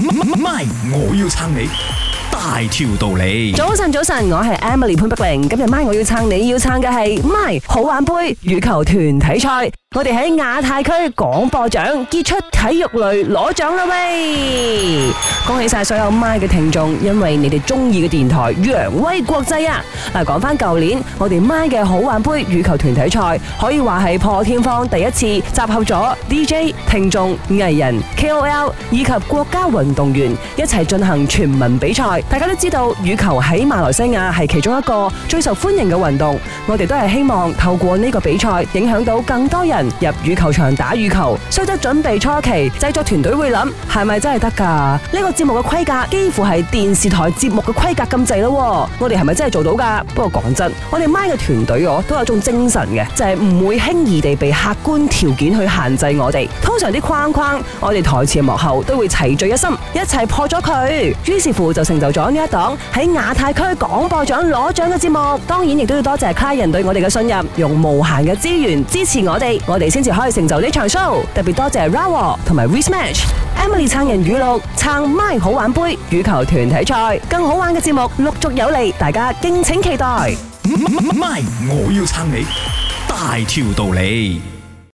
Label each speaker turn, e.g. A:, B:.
A: MY，我要撐你大條道理。早晨，
B: 早晨，我係 Emily 潘碧玲，今日 MY 我要撐你要撐嘅係 MY 好玩杯羽球團體賽。我哋喺亞太區廣播獎傑出體育類攞獎啦，喂！恭喜晒所有 MY 嘅聽眾，因為你哋中意嘅電台揚威國際啊！嗱，講翻舊年，我哋 MY 嘅好玩杯羽球團體賽可以話係破天荒第一次集合咗 DJ 聽眾、藝人、KOL 以及國家運動員一齊進行全民比賽。大家都知道羽球喺馬來西亞係其中一個最受歡迎嘅運動，我哋都係希望透過呢個比賽影響到更多人。入羽球場打羽球，雖則準備初期製作團隊會諗係咪真係得噶？呢、這個節目嘅規格幾乎係電視台節目嘅規格咁滯咯。我哋係咪真係做到噶？不過講真的，我哋 m 嘅團隊我都有一種精神嘅，就係、是、唔會輕易地被客觀條件去限制我哋。通常啲框框，我哋台前幕後都會齊聚一心，一齊破咗佢。於是乎就成就咗呢一檔喺亞太區廣播獎攞獎嘅節目。當然亦都要多謝卡人 i 對我哋嘅信任，用無限嘅資源支持我哋。我哋先至可以成就呢場 show，特別多謝 Rower 同埋 We Smash Emily 撐人羽樂，撐 My 好玩杯羽球團體賽，更好玩嘅節目陸續有嚟，大家
A: 敬請期待。My，我要撐你，大條道理。